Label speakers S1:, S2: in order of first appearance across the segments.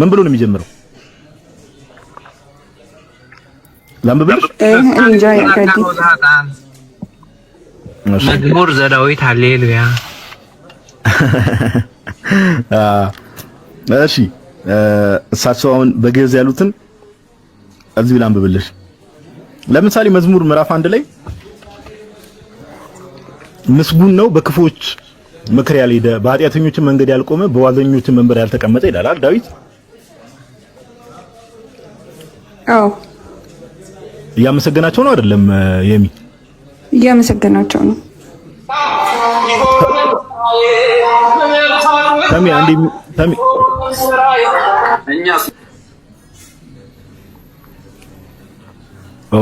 S1: ምን ብሎ ነው የሚጀምረው? ላምብብልሽ
S2: መዝሙር ዘዳዊት ሃሌሉያ።
S1: እሺ እሳቸው አሁን በግዕዝ ያሉትን እዚሁ ላምብብልሽ። ለምሳሌ መዝሙር ምዕራፍ አንድ ላይ ምስጉን ነው በክፎች ምክር ያልሄደ፣ በኃጢአተኞችን መንገድ ያልቆመ፣ በዋዘኞችን መንበር ያልተቀመጠ ይላል ዳዊት እያመሰገናቸው ነው አይደለም? የሚ
S3: እያመሰገናቸው ነው።
S1: ተሚ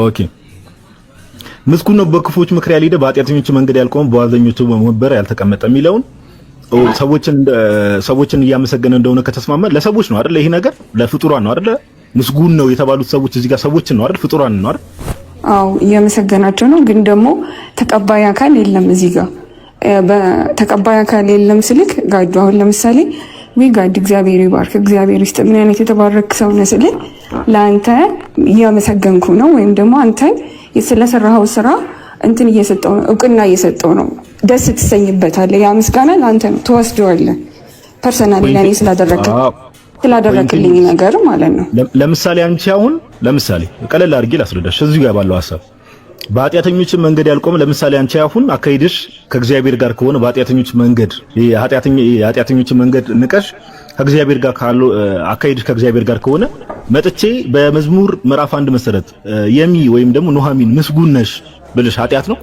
S1: ኦኬ ምስጉን ነው በክፎች ምክር ያልሄደ በኃጢአተኞች መንገድ ያልቆመ በዋዘኞቹ ወንበር ያልተቀመጠ የሚለውን ሰዎችን ሰዎችን እያመሰገነ እንደሆነ ከተስማማ ለሰዎች ነው አይደለ? ይሄ ነገር ለፍጡሯን ነው አይደለ? ምስጉን ነው የተባሉት ሰዎች እዚህ ጋር ሰዎች ነው አይደል? ፍጡራን ነው አይደል?
S3: አዎ እያመሰገናቸው ነው። ግን ደግሞ ተቀባይ አካል የለም እዚህ ጋር ተቀባይ አካል የለም ስልክ ጋዱ አሁን ለምሳሌ ዊ ጋድ እግዚአብሔር ይባርክ እግዚአብሔር ይስጥ ምን አይነት የተባረክ ሰው ነህ ስልህ ለአንተ እያመሰገንኩ ነው ወይም ደግሞ አንተ ስለሰራኸው ስራ እንትን እየሰጠው ነው እውቅና እየሰጠው ነው ደስ ትሰኝበታለህ ያ ምስጋና ለአንተ ነው ትወስደዋለህ ፐርሰናል ለእኔ ስላደረግከው ስላደረግልኝ ነገር ማለት ነው።
S1: ለምሳሌ አንቺ አሁን ለምሳሌ ቀለል አድርጌ ላስረዳሽ እዚህ ጋር ባለው ሀሳብ በኃጢአተኞች መንገድ ያልቆመ ለምሳሌ አንቺ አሁን አካሄድሽ ከእግዚአብሔር ጋር ከሆነ በኃጢአተኞች መንገድ የኃጢአተኞች መንገድ ንቀሽ ከእግዚአብሔር ጋር ካሉ አካሄድሽ ከእግዚአብሔር ጋር ከሆነ መጥቼ በመዝሙር ምዕራፍ አንድ መሰረት የሚ ወይም ደግሞ ኑሐሚን ምስጉን ነሽ ብልሽ ኃጢአት ነው?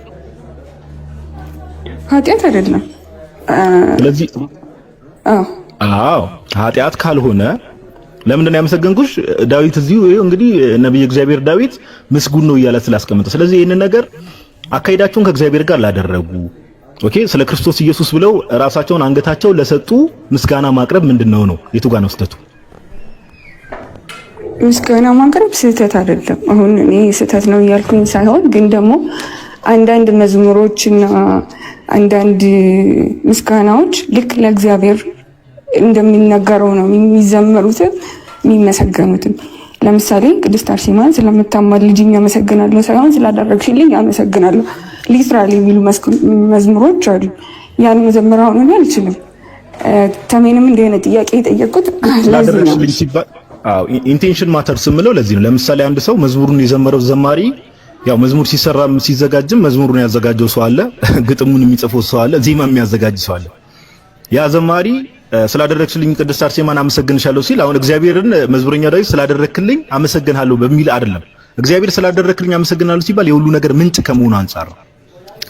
S3: ኃጢአት አይደለም። ስለዚህ አዎ
S1: አዎ ኃጢአት ካልሆነ ለምንድን ነው ያመሰገንኩሽ? ዳዊት እዚሁ እንግዲህ ነቢይ እግዚአብሔር ዳዊት ምስጉን ነው እያለ ስላስቀመጠ፣ ስለዚህ ይህንን ነገር አካሄዳቸውን ከእግዚአብሔር ጋር ላደረጉ ኦኬ፣ ስለ ክርስቶስ ኢየሱስ ብለው ራሳቸውን አንገታቸው ለሰጡ ምስጋና ማቅረብ ምንድነው ነው? የቱ ጋር ነው ስህተቱ?
S3: ምስጋና ማቅረብ ስህተት አይደለም። አሁን እኔ ስህተት ነው እያልኩኝ ሳይሆን ግን ደግሞ አንዳንድ መዝሙሮችና አንዳንድ ምስጋናዎች ልክ ለእግዚአብሔር እንደሚነገረው ነው የሚዘመሩትን የሚመሰገኑትም ለምሳሌ ቅድስት አርሴማን ልጅ አመሰግናለሁ ሳይሆን ስላደረግሽልኝ አመሰግናለሁ ሊትራል የሚሉ መዝሙሮች አሉ። ያን መዘመር አሁን አልችልም። ተሜንም እንዲህ አይነት ጥያቄ የጠየቁት
S1: ኢንቴንሽን ማተር ስምለው ለዚህ ነው። ለምሳሌ አንድ ሰው መዝሙሩን የዘመረው ዘማሪ ያው መዝሙር ሲሰራ ሲዘጋጅም መዝሙሩን ያዘጋጀው ሰው አለ፣ ግጥሙን የሚጽፈው ሰው አለ፣ ዜማ የሚያዘጋጅ ሰው አለ። ያ ዘማሪ ስላደረግሽልኝ ቅድስት አርሴማን አመሰግንሻለሁ ሲል አሁን እግዚአብሔርን መዝሙረኛ ዳዊት ስላደረክልኝ አመሰግንሃለሁ በሚል አይደለም። እግዚአብሔር ስላደረክልኝ አመሰግናለሁ ሲባል የሁሉ ነገር ምንጭ ከመሆኑ አንጻር ነው።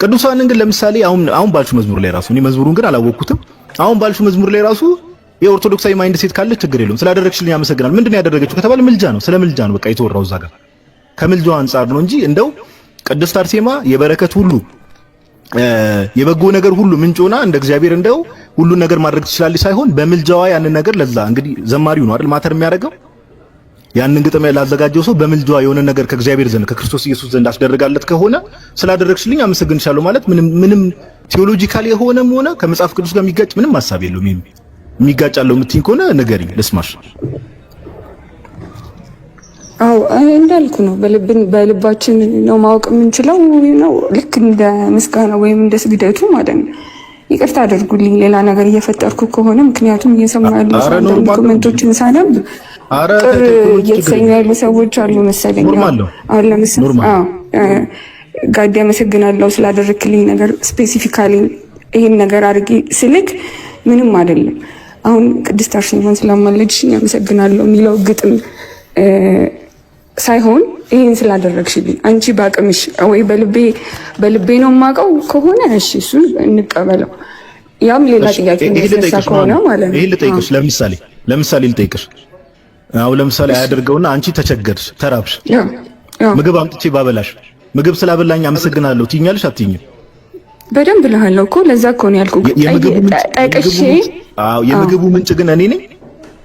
S1: ቅዱሳንን ግን ለምሳሌ አሁን አሁን ባልሹ መዝሙር ላይ ራሱ እኔ መዝሙሩን ግን አላወቅኩትም። አሁን ባልሹ መዝሙር ላይ ራሱ የኦርቶዶክሳዊ ማይንድ ሴት ካለች ችግር የለውም። ስላደረግሽልኝ አመሰግናል ምንድነው ያደረገችው ከተባለ ምልጃ ነው። ስለ ምልጃ ነው በቃ የተወራው እዛ ጋር ከምልጃው አንጻር ነው እንጂ እንደው ቅድስት አርሴማ የበረከት ሁሉ የበጎ ነገር ሁሉ ምንጭ ሆና እንደ እግዚአብሔር እንደው ሁሉን ነገር ማድረግ ትችላለች ሳይሆን በምልጃዋ ያንን ነገር ለዛ እንግዲህ ዘማሪው ነው አይደል ማተር የሚያደርገው ያንን ግጥም ላዘጋጀው ሰው በምልጃዋ የሆነ ነገር ከእግዚአብሔር ዘንድ ከክርስቶስ ኢየሱስ ዘንድ አስደረጋለት ከሆነ ስላደረግሽልኝ አመሰግንሻለሁ ማለት ምንም ምንም ቴዎሎጂካል የሆነም ሆነ ከመጽሐፍ ቅዱስ ጋር የሚጋጭ ምንም ሀሳብ የለውም። የሚጋጫለው የምትይኝ ከሆነ ንገሪኝ ልስማሽ።
S3: አው እንዳልኩ ነው። በልብን በልባችን ነው ማወቅ የምንችለው ነው። ልክ እንደ ምስጋና ወይም እንደ ስግደቱ ማለት ነው። ይቅርታ አድርጉልኝ፣ ሌላ ነገር እየፈጠርኩ ከሆነ ምክንያቱም እየሰማ ያሉ ኮመንቶችን ሳነብ ቅር እየተሰኙ ያሉ ሰዎች አሉ መሰለኝ። አሁን ለምሳሌ ጋዲ አመሰግናለሁ ስላደረክልኝ ነገር ስፔሲፊካሊ ይህን ነገር አድርጌ ስልክ ምንም አይደለም። አሁን ቅድስት አርሴማን ስላማለድሽኝ አመሰግናለሁ የሚለው ግጥም ሳይሆን ይህን ስላደረግሽልኝ አንቺ በአቅምሽ ወይ በልቤ በልቤ ነው የማውቀው ከሆነ እሺ እሱ እንቀበለው። ያም ሌላ ጥያቄ ከሆነ ማለት ነው።
S1: ይህ ልጠይቅሽ፣ ለምሳሌ ለምሳሌ ልጠይቅሽ። አሁን ለምሳሌ አያደርገውና አንቺ ተቸገርሽ፣ ተራብሽ፣ ምግብ አምጥቼ ባበላሽ፣ ምግብ ስላበላኝ አመሰግናለሁ ትኛለሽ አትይኝም?
S3: በደንብ እልሃለሁ እኮ ለዛ እኮ ነው ያልኩህ።
S1: የምግቡ ምንጭ ግን እኔ ነኝ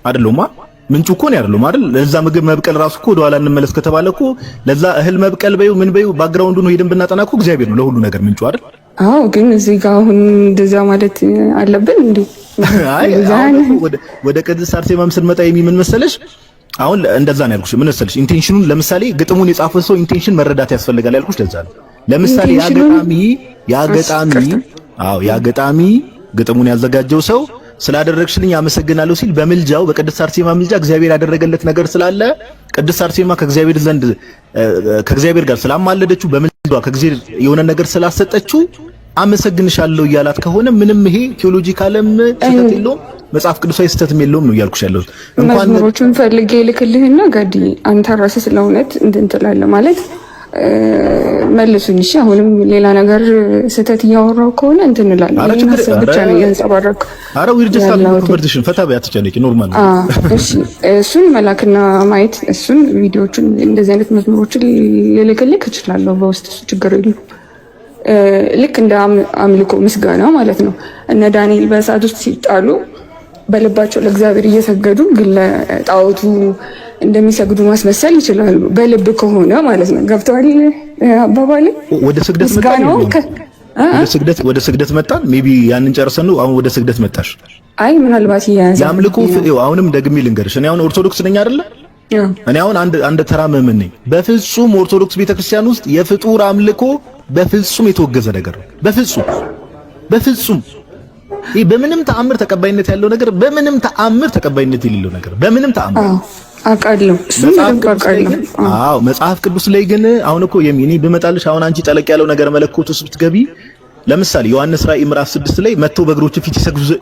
S1: አይደለሁማ ምንጩ እኮ ነው ያለው አይደል? ለዛ ምግብ መብቀል ራሱ እኮ ወደኋላ እንመለስ ከተባለ እኮ ለዛ እህል መብቀል በዩ ምን በዩ ባክግራውንዱን ሄደን ብናጠና እኮ እግዚአብሔር ነው ለሁሉ ነገር ምንጩ አይደል?
S3: አዎ። ግን እዚህ ጋር አሁን እንደዛ ማለት አለብን እንዴ?
S1: አይ አሁን ወደ ወደ ቅድስት አርሴማም ስንመጣ ምን መሰለሽ አሁን እንደዛ ነው ያልኩሽ። ምን መሰለሽ ኢንቴንሽኑን ለምሳሌ ግጥሙን የጻፈ ሰው ኢንቴንሽን መረዳት ያስፈልጋል ያልኩሽ ለዛ ነው። ለምሳሌ ያ ገጣሚ ያ ገጣሚ አዎ ያ ገጣሚ ግጥሙን ያዘጋጀው ሰው ስላደረግሽልኝ አመሰግናለሁ ሲል በምልጃው በቅድስት አርሴማ ምልጃ እግዚአብሔር ያደረገለት ነገር ስላለ ቅድስት አርሴማ ከእግዚአብሔር ዘንድ ከእግዚአብሔር ጋር ስላማለደችው በምልጃዋ ከእግዚአብሔር የሆነ ነገር ስላሰጠችው አመሰግንሻለሁ እያላት ከሆነ ምንም ይሄ ቴዎሎጂካልም ስህተት የለውም፣ መጽሐፍ ቅዱሳዊ ስህተትም የለውም ነው እያልኩሽ ያለሁት።
S3: እንኳን መዝሙሮቹን ፈልጌ ልክልህና ጋዲ አንተ ራስህ ስለእውነት እንትን ትላለህ ማለት መልሱኝ። እሺ አሁንም ሌላ ነገር ስህተት እያወራው ከሆነ እንትን እላለሁ። ብቻ ነው እያንጸባረኩ
S1: ፈታ ባያትቻለች ኖርማል።
S3: እሱን መላክና ማየት እሱን ቪዲዮዎቹን እንደዚህ አይነት መዝሙሮችን ልልክልክ እችላለሁ በውስጥ እሱ ችግር የለም። ልክ እንደ አምልኮ ምስጋና ማለት ነው። እነ ዳንኤል በእሳት ውስጥ ሲጣሉ በልባቸው ለእግዚአብሔር እየሰገዱ ግን ለጣዖቱ እንደሚሰግዱ ማስመሰል ይችላሉ። በልብ ከሆነ ማለት ነው። ገብተዋል አባባል።
S1: ወደ ስግደት መጣን፣ ወደ ስግደት መጣን። ሜይ ቢ ያንን ጨርሰን ነው አሁን ወደ ስግደት መጣሽ።
S3: አይ ምናልባት ይያዝ
S1: ያምልኩ አሁንም ደግሜ ልንገርሽ፣ እኔ አሁን ኦርቶዶክስ ነኝ አይደለ? እኔ አሁን አንድ አንድ ተራ ምዕመን ነኝ። በፍጹም ኦርቶዶክስ ቤተክርስቲያን ውስጥ የፍጡር አምልኮ በፍጹም የተወገዘ ነገር ነው። በፍጹም በፍጹም ይህ በምንም ተአምር ተቀባይነት ያለው ነገር በምንም ተአምር ተቀባይነት የሌለው ነገር በምንም ተአምር አውቃለሁ። አዎ መጽሐፍ ቅዱስ ላይ ግን አሁን እኮ የሚኒ ብመጣልሽ አሁን አንቺ ጠለቅ ያለው ነገር መለኮት ውስጥ ብትገቢ ለምሳሌ ዮሐንስ ራእይ ምዕራፍ 6 ላይ መጥቶ በእግሮቹ ፊት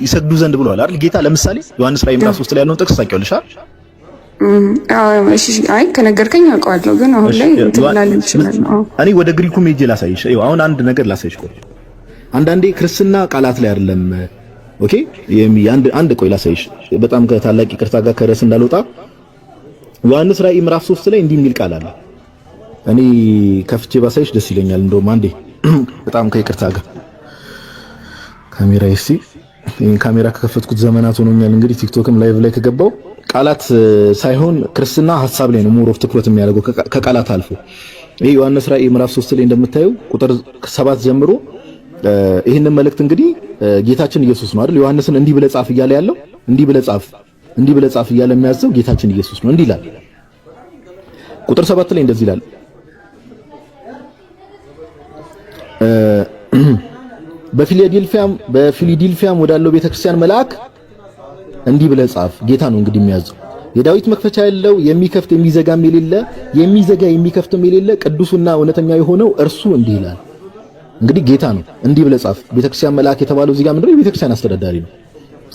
S1: ይሰግዱ ዘንድ ብሏል አይደል ጌታ። ለምሳሌ ዮሐንስ ራእይ ምዕራፍ 3 ላይ ያለውን ጥቅስ ታውቂዋለሽ አይደል?
S3: አይ ከነገርከኝ አውቀዋለሁ፣ ግን አሁን ላይ እንትን ላል እንችላለን።
S1: እኔ ወደ ግሪኩም ሄጄ ላሳይሽ። አሁን አንድ ነገር ላሳይሽ ቆይ አንዳንዴ ክርስትና ቃላት ላይ አይደለም። ኦኬ አንድ አንድ ቆይ ላሳይሽ። በጣም ከታላቅ ይቅርታ ጋር ከረስ እንዳልወጣ ዮሐንስ ራእይ ምዕራፍ 3 ላይ እንዲህ የሚል ቃል አለ። እኔ ከፍቼ ባሳይሽ ደስ ይለኛል። እንደውም አንዴ በጣም ከይቅርታ ጋር ካሜራ እሺ፣ ይሄን ካሜራ ከከፈትኩት ዘመናት ሆኖኛል። እንግዲህ ቲክቶክም ላይቭ ላይ ከገባው ቃላት ሳይሆን ክርስትና ሐሳብ ላይ ነው ሞር ኦፍ ትኩረት የሚያደርገው ከቃላት አልፎ ይሄ ዮሐንስ ራእይ ምዕራፍ 3 ላይ እንደምታዩ ቁጥር 7 ጀምሮ ይህንን መልእክት እንግዲህ ጌታችን ኢየሱስ ነው አይደል? ዮሐንስን እንዲህ ብለህ ጻፍ እያለ ያለው እንዲህ ብለህ ጻፍ፣ እንዲህ ብለህ ጻፍ እያለ የሚያዘው ጌታችን ኢየሱስ ነው። እንዲህ ይላል፣ ቁጥር ሰባት ላይ እንደዚህ ይላል፣ በፊላዴልፊያም በፊላዴልፊያም ወዳለው ቤተክርስቲያን መልአክ እንዲህ ብለህ ጻፍ። ጌታ ነው እንግዲህ የሚያዘው የዳዊት መክፈቻ ያለው የሚከፍት የሚዘጋም የሌለ የሚዘጋ የሚከፍትም የሌለ ቅዱስና እውነተኛ የሆነው እርሱ እንዲህ ይላል እንግዲህ ጌታ ነው እንዲህ ብለህ ጻፍ። ቤተክርስቲያን መልአክ የተባለው እዚህ ጋር ምንድነው? የቤተክርስቲያን አስተዳዳሪ ነው።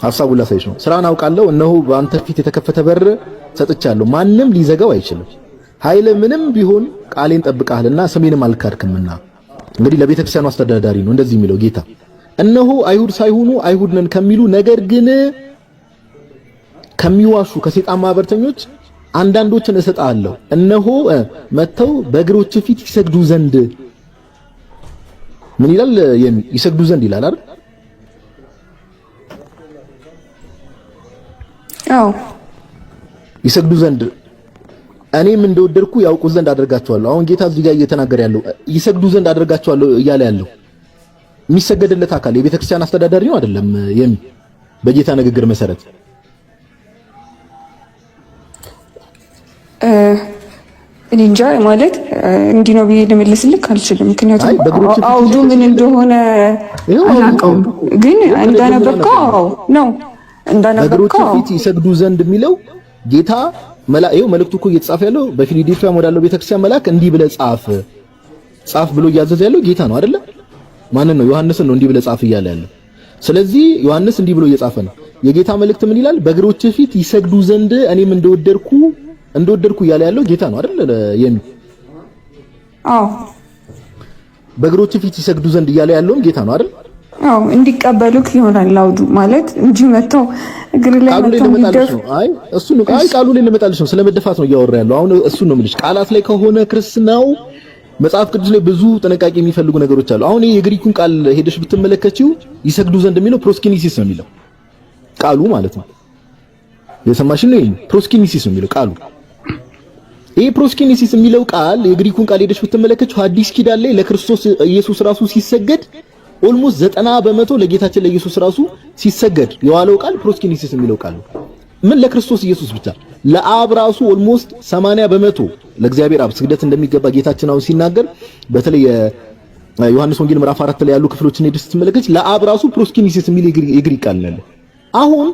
S1: ሐሳቡን ላሳይሽ ነው። ስራን አውቃለሁ፣ እነሆ በአንተ ፊት የተከፈተ በር ሰጥቻለሁ፣ ማንም ሊዘጋው አይችልም። ኃይለ ምንም ቢሆን ቃሌን ጠብቀሃልና ስሜንም አልካድክምና። እንግዲህ ለቤተክርስቲያኑ አስተዳዳሪ ነው እንደዚህ የሚለው ጌታ። እነሆ አይሁድ ሳይሆኑ አይሁድ ነን ከሚሉ ነገር ግን ከሚዋሹ ከሴጣን ማህበርተኞች አንዳንዶችን እሰጣለሁ፣ እነሆ መጥተው በእግሮች ፊት ይሰግዱ ዘንድ ምን ይላል? ይሰግዱ ዘንድ ይላል አይደል? አዎ ይሰግዱ ዘንድ እኔም እንደወደድኩ ያውቁ ዘንድ አደርጋቸዋለሁ። አሁን ጌታ እዚህ ጋር እየተናገረ ያለው ይሰግዱ ዘንድ አደርጋቸዋለሁ እያለ ያለው የሚሰገድለት አካል የቤተ ክርስቲያን አስተዳዳሪ ነው አይደለም? የሚ በጌታ ንግግር መሰረት
S3: እኔ እንጃ ማለት እንዲህ ነው ብዬ ልመልስልክ አልችልም።
S1: ምክንያቱም አውዱ ምን እንደሆነ
S3: አላውቀውም፣ ግን እንዳነበብከው ነው እንዳነበብከው
S1: ፊት ይሰግዱ ዘንድ የሚለው ጌታ መላእክቱ መልእክቱ እኮ እየተጻፈ ያለው በፊልዴልፊያ ወዳለው ቤተክርስቲያን መልአክ እንዲህ ብለህ ጻፍ ጻፍ ብሎ እያዘዘ ያለው ጌታ ነው አይደለ? ማንን ነው? ዮሐንስን ነው እንዲህ ብለህ ጻፍ እያለ ያለው። ስለዚህ ዮሐንስ እንዲህ ብሎ እየጻፈ ነው። የጌታ መልእክት ምን ይላል? በእግሮች ፊት ይሰግዱ ዘንድ እኔም እንደወደድኩ እንደወደድኩ እያለ ያለው ጌታ ነው አይደል? የሚ አዎ፣ በእግሮች ፊት ይሰግዱ ዘንድ እያለ ያለውም ጌታ ነው አይደል?
S3: አዎ፣ እንዲቀበሉክ ይሆናል ላውዱ ማለት እንጂ መተው እግር ላይ
S1: መተው እንዲደርሱ። አይ እሱ ነው። አይ ቃሉ ላይ ልመጣልሽ ነው፣ ስለመደፋት ነው እያወራ ያለው አሁን። እሱ ነው የምልሽ። ቃላት ላይ ከሆነ ክርስትናው መጽሐፍ ቅዱስ ላይ ብዙ ጥንቃቄ የሚፈልጉ ነገሮች አሉ። አሁን የግሪኩን ቃል ሄደሽ ብትመለከቺው ይሰግዱ ዘንድ የሚለው ፕሮስኪኒሲስ ነው የሚለው ቃሉ ማለት ነው። የሰማሽ ነው? ፕሮስኪኒሲስ ነው የሚለው ቃሉ ይህ ፕሮስኪኒሲስ የሚለው ቃል የግሪኩን ቃል ሄደች ብትመለከቱ አዲስ ኪዳን ላይ ለክርስቶስ ኢየሱስ ራሱ ሲሰገድ ኦልሞስት ዘጠና በመቶ ለጌታችን ለኢየሱስ ራሱ ሲሰገድ የዋለው ቃል ፕሮስኪኒሲስ የሚለው ቃል ነው። ምን ለክርስቶስ ኢየሱስ ብቻ ለአብ ራሱ ኦልሞስት 80 በመቶ ለእግዚአብሔር አብ ስግደት እንደሚገባ ጌታችን አሁን ሲናገር በተለይ ዮሐንስ ወንጌል ምዕራፍ 4 ላይ ያሉ ክፍሎችን ሄደች ስትመለከች ለአብ ራሱ ፕሮስኪኒሲስ የሚል የግሪክ ቃል አለ። አሁን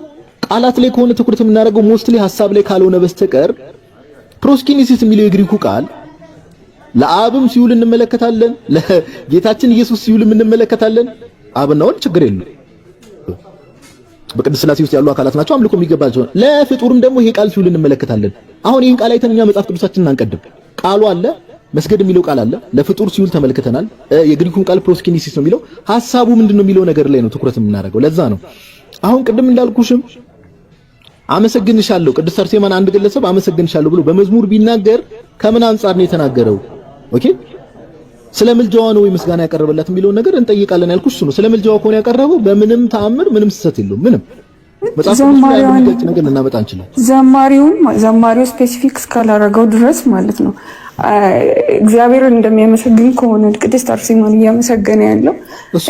S1: ቃላት ላይ ከሆነ ትኩረት የምናደርገው ሞስት ሀሳብ ሐሳብ ላይ ካልሆነ በስተቀር ፕሮስኪኒሲስ የሚለው የግሪኩ ቃል ለአብም ሲውል እንመለከታለን፣ ለጌታችን ኢየሱስ ሲውልም እንመለከታለን። አብና ወልድ ችግር የለው በቅድስት ሥላሴ ውስጥ ያሉ አካላት ናቸው፣ አምልኮ የሚገባቸው። ለፍጡርም ደግሞ ይሄ ቃል ሲውል እንመለከታለን። አሁን ይህን ቃል አይተን እኛ መጽሐፍ ቅዱሳችን እናንቀድም። ቃሉ አለ፣ መስገድ የሚለው ቃል አለ፣ ለፍጡር ሲውል ተመልክተናል። የግሪኩን ቃል ፕሮስኪኒሲስ ነው የሚለው ሐሳቡ ምንድነው የሚለው ነገር ላይ ነው ትኩረት የምናደርገው። ለዛ ነው አሁን ቅድም እንዳልኩሽም አመሰግንሻለሁ ቅድስት አርሴማን አንድ ግለሰብ አመሰግንሻለሁ ብሎ በመዝሙር ቢናገር ከምን አንጻር ነው የተናገረው? ኦኬ ስለ ምልጃዋ ነው ወይ ምስጋና ያቀረበላት የሚለውን ነገር እንጠይቃለን ያልኩሽ እሱ ነው። ስለ ምልጃዋ ከሆነ ያቀረበው በምንም ተአምር ምንም ስህተት የለውም። ምንም
S3: ዘማሪው ስፔሲፊክ እስካላረገው ድረስ ማለት ነው እግዚአብሔር እንደሚያመሰግን ከሆነ ቅድስት አርሴማን እያመሰገነ ያለው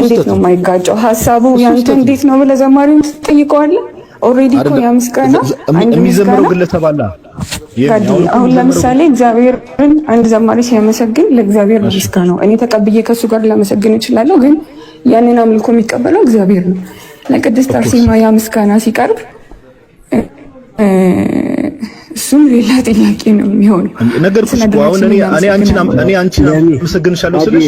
S3: እንዴት ነው የማይጋጨው? ሀሳቡ ያንተ እንዴት ነው ብለህ ዘማሪውን ትጠይቀዋለህ? ኦልሬዲ እኮ ያመስቀና
S1: የሚዘምረው ግን ለተባላ
S3: አሁን ለምሳሌ እግዚአብሔርን አንድ ዘማሪ ሲያመሰግን ለእግዚአብሔር ምስጋ ነው። እኔ ተቀብዬ ከእሱ ጋር ላመሰግን እችላለሁ፣ ግን ያንን አምልኮ የሚቀበለው እግዚአብሔር ነው። ለቅድስት አርሴማ ያ ሲቀርብ እሱም ሌላ ጥያቄ ነው የሚሆነው።
S1: ነገርኩሽ እኮ አሁን እኔ አንቺን አመሰግንሻለሁ ስልሽ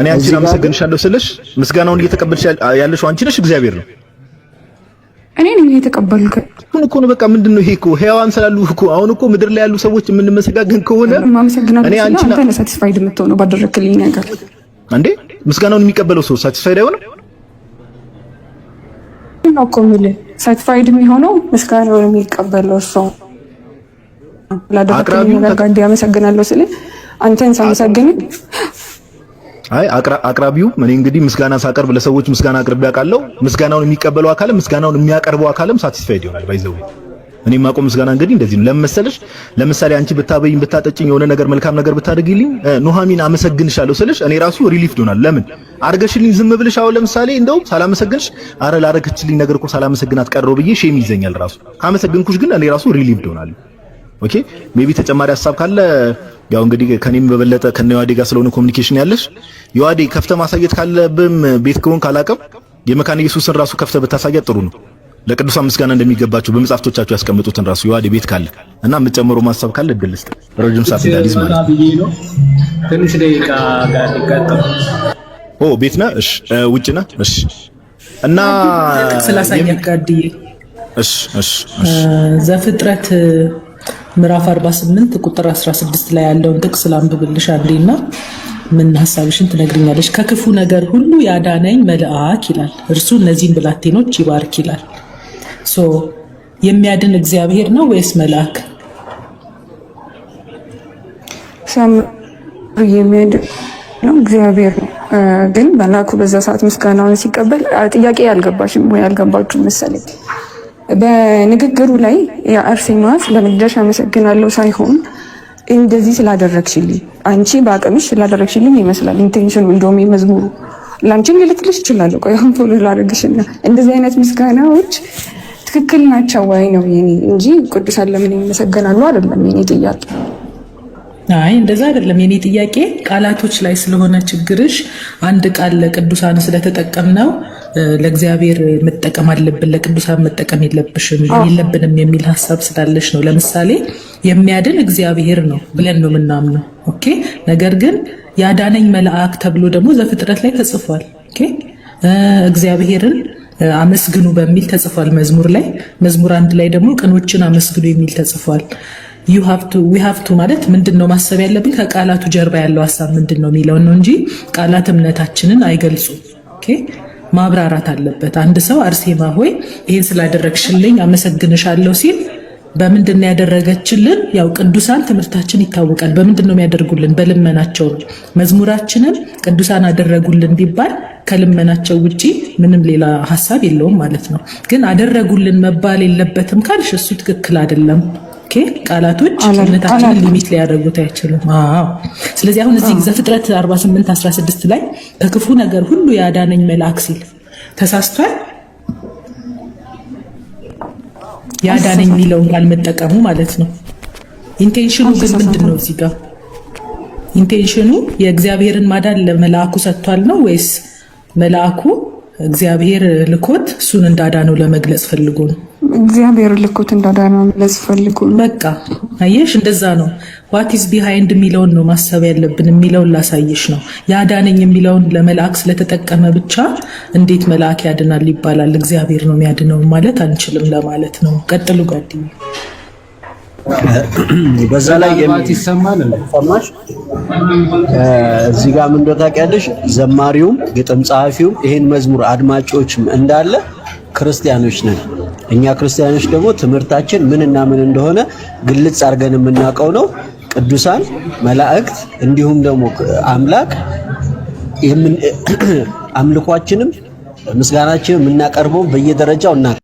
S1: እኔ አንቺን አመሰግንሻለሁ ስልሽ ምስጋናውን እየተቀበልሽ ያለሽው አንቺ ነሽ፣ እግዚአብሔር ነው
S3: እኔ ነኝ የተቀበልከ
S1: ምን እኮ ነው? በቃ ምንድን ነው ይሄ? እኮ ህያዋን ስላሉ እኮ አሁን እኮ ምድር ላይ ያሉ ሰዎች የምንመሰጋገን ከሆነ
S3: እኔ አንቺ አንተ ነህ ሳቲስፋይድ የምትሆነው ባደረክልኝ ነገር።
S1: እንዴ ምስጋናውን የሚቀበለው ሰው ሳቲስፋይድ አይሆንም
S3: ነው እኮ የምልህ። ሳቲስፋይድ የሚሆነው ምስጋናውን የሚቀበለው ሰው ላደረክልኝ ነገር ጋር እንዲያመሰግናለሁ ስለ አንተን ሳመሰግን
S1: አይ አቅራቢው እኔ እንግዲህ ምስጋና ሳቀርብ ለሰዎች ምስጋና አቅርቤ አውቃለሁ። ምስጋናውን የሚቀበለው አካልም ምስጋናውን የሚያቀርበው አካልም ሳቲስፋይድ ይሆናል። ባይዘው እኔ የማውቀው ምስጋና እንግዲህ እንደዚህ ነው። ለምን መሰለሽ? ለምሳሌ አንቺ ብታበይኝ፣ ብታጠጭኝ፣ የሆነ ነገር መልካም ነገር ብታደርግልኝ ኑሐሚን አመሰግንሻለሁ ስልሽ እኔ ራሱ ሪሊፍ ዶናል። ለምን አርገሽልኝ ዝም ብልሽ አሁን ለምሳሌ እንደውም ሳላመሰግንሽ አረ ላረገችልኝ ነገር እኮ ሳላመሰግናት ቀረው ብዬ ሼም ይዘኛል ራሱ። ካመሰግንኩሽ ግን እኔ ራሱ ሪሊፍ ዶናል። ኦኬ ሜቢ ተጨማሪ ሀሳብ ካለ ያው እንግዲህ ከኔም በበለጠ ከነ ዮአዴ ጋር ስለሆነ ኮሚኒኬሽን ያለሽ ዮአዴ ከፍተ ማሳየት ካለብም ቤት ከሆንክ ካላቀም የመካነ ኢየሱስን ራሱ ከፍተ ብታሳያት ጥሩ ነው። ለቅዱሳን ምስጋና እንደሚገባቸው በመጻሕፍቶቻቸው ያስቀምጡትን ራሱ ዮአዴ ቤት ካለ እና የምትጨምረው ማሳብ ካለ እድል ስጥ። ረጅም ሰዓት እንዳልይዝ ማለት ነው።
S3: ትንሽ ደቂቃ ጋር ይቀጥል።
S1: ኦ ቤት ነህ? እሺ ውጭ ነህ? እሺ እና
S3: ስላሳየን ቀድዬ እሺ እሺ እሺ ዘፍጥረት ምዕራፍ 48 ቁጥር 16 ላይ ያለውን ጥቅስ ላንብብልሽ አንዴና ምን ሀሳብሽን ትነግርኛለሽ? ከክፉ ነገር ሁሉ ያዳነኝ መልአክ ይላል፣ እርሱ እነዚህን ብላቴኖች ይባርክ ይላል። የሚያድን እግዚአብሔር ነው ወይስ መልአክ? የሚያድን እግዚአብሔር ነው። ግን መልአኩ በዛ ሰዓት ምስጋናውን ሲቀበል ጥያቄ ያልገባሽም ወይ ያልገባችሁ መሰለኝ በንግግሩ ላይ የአርሴማ ለመድረሻ አመሰግናለሁ ሳይሆን እንደዚህ ስላደረግሽልኝ አንቺ በአቅምሽ ስላደረግሽልኝ ይመስላል ኢንቴንሽኑ። እንደውም የመዝሙሩ ለአንቺም ልልክልሽ እችላለሁ። ቆይ አሁን ቶሎ ላደርግሽና እንደዚህ አይነት ምስጋናዎች ትክክል ናቸው ወይ ነው የኔ እንጂ ቅዱሳን ለምን ይመሰገናሉ አይደለም የኔ ጥያቄ። አይ እንደዛ አይደለም። የኔ ጥያቄ ቃላቶች ላይ ስለሆነ ችግርሽ፣ አንድ ቃል ለቅዱሳን ስለተጠቀምነው ለእግዚአብሔር መጠቀም አለብን፣ ለቅዱሳን መጠቀም የለብሽም የለብንም የሚል ሀሳብ ስላለሽ ነው። ለምሳሌ የሚያድን እግዚአብሔር ነው ብለን ነው የምናምነው። ኦኬ። ነገር ግን ያዳነኝ መልአክ ተብሎ ደግሞ ዘፍጥረት ላይ ተጽፏል። ኦኬ። እግዚአብሔርን አመስግኑ በሚል ተጽፏል መዝሙር ላይ። መዝሙር አንድ ላይ ደግሞ ቅኖችን አመስግኑ የሚል ተጽፏል። ዊ ማለት ምንድን ነው ማሰብ ያለብን ከቃላቱ ጀርባ ያለው ሀሳብ ምንድን ነው የሚለውን ነው እንጂ ቃላት እምነታችንን አይገልጹም። ማብራራት አለበት። አንድ ሰው አርሴማ ሆይ ይህን ስላደረግሽልኝ አመሰግንሻለሁ ሲል በምንድን ነው ያደረገችልን? ያው ቅዱሳን ትምህርታችን ይታወቃል። በምንድን ነው የሚያደርጉልን? በልመናቸው መዝሙራችንም መዝሙራችንን ቅዱሳን አደረጉልን ቢባል ከልመናቸው ውጪ ምንም ሌላ ሀሳብ የለውም ማለት ነው። ግን አደረጉልን መባል የለበትም ካልሽ እሱ ትክክል አይደለም። ቃላቶች ጭነታችንን ሊሚት ሊያደርጉት አይችሉም። ስለዚህ አሁን እዚህ ዘፍጥረት 48 16 ላይ ከክፉ ነገር ሁሉ ያዳነኝ መልአክ ሲል ተሳስቷል። ያዳነኝ የሚለውን ቃል መጠቀሙ ማለት ነው። ኢንቴንሽኑ ግን ምንድን ነው? እዚህ ጋር ኢንቴንሽኑ የእግዚአብሔርን ማዳን ለመልአኩ ሰጥቷል ነው ወይስ መልአኩ እግዚአብሔር ልኮት እሱን እንዳዳነው ለመግለጽ ፈልጎ ነው? እግዚአብሔር ልኮት እንዳዳነ መለስ ፈልጉ። በቃ አየሽ፣ እንደዛ ነው። ዋቲስ ቢሃይንድ የሚለውን ነው ማሰብ ያለብን። የሚለውን ላሳየሽ ነው። ያዳነኝ የሚለውን ለመልአክ ስለተጠቀመ ብቻ እንዴት መልአክ ያድናል ይባላል? እግዚአብሔር ነው የሚያድነው ማለት አንችልም ለማለት ነው። ቀጥሉ ጓደኛ። በዛ ላይ ይሰማል። ሰማሽ?
S1: እዚህ ጋር ምን ታውቂያለሽ፣ ዘማሪውም ግጥም ጸሐፊውም ይሄን መዝሙር አድማጮችም እንዳለ ክርስቲያኖች ነን። እኛ ክርስቲያኖች ደግሞ ትምህርታችን እና ምን እንደሆነ ግልጽ አድርገን የምናውቀው ነው። ቅዱሳን መላእክት፣ እንዲሁም ደግሞ አምላክ አምልኳችንም ምስጋናችን የምናቀርበው በየደረጃው እና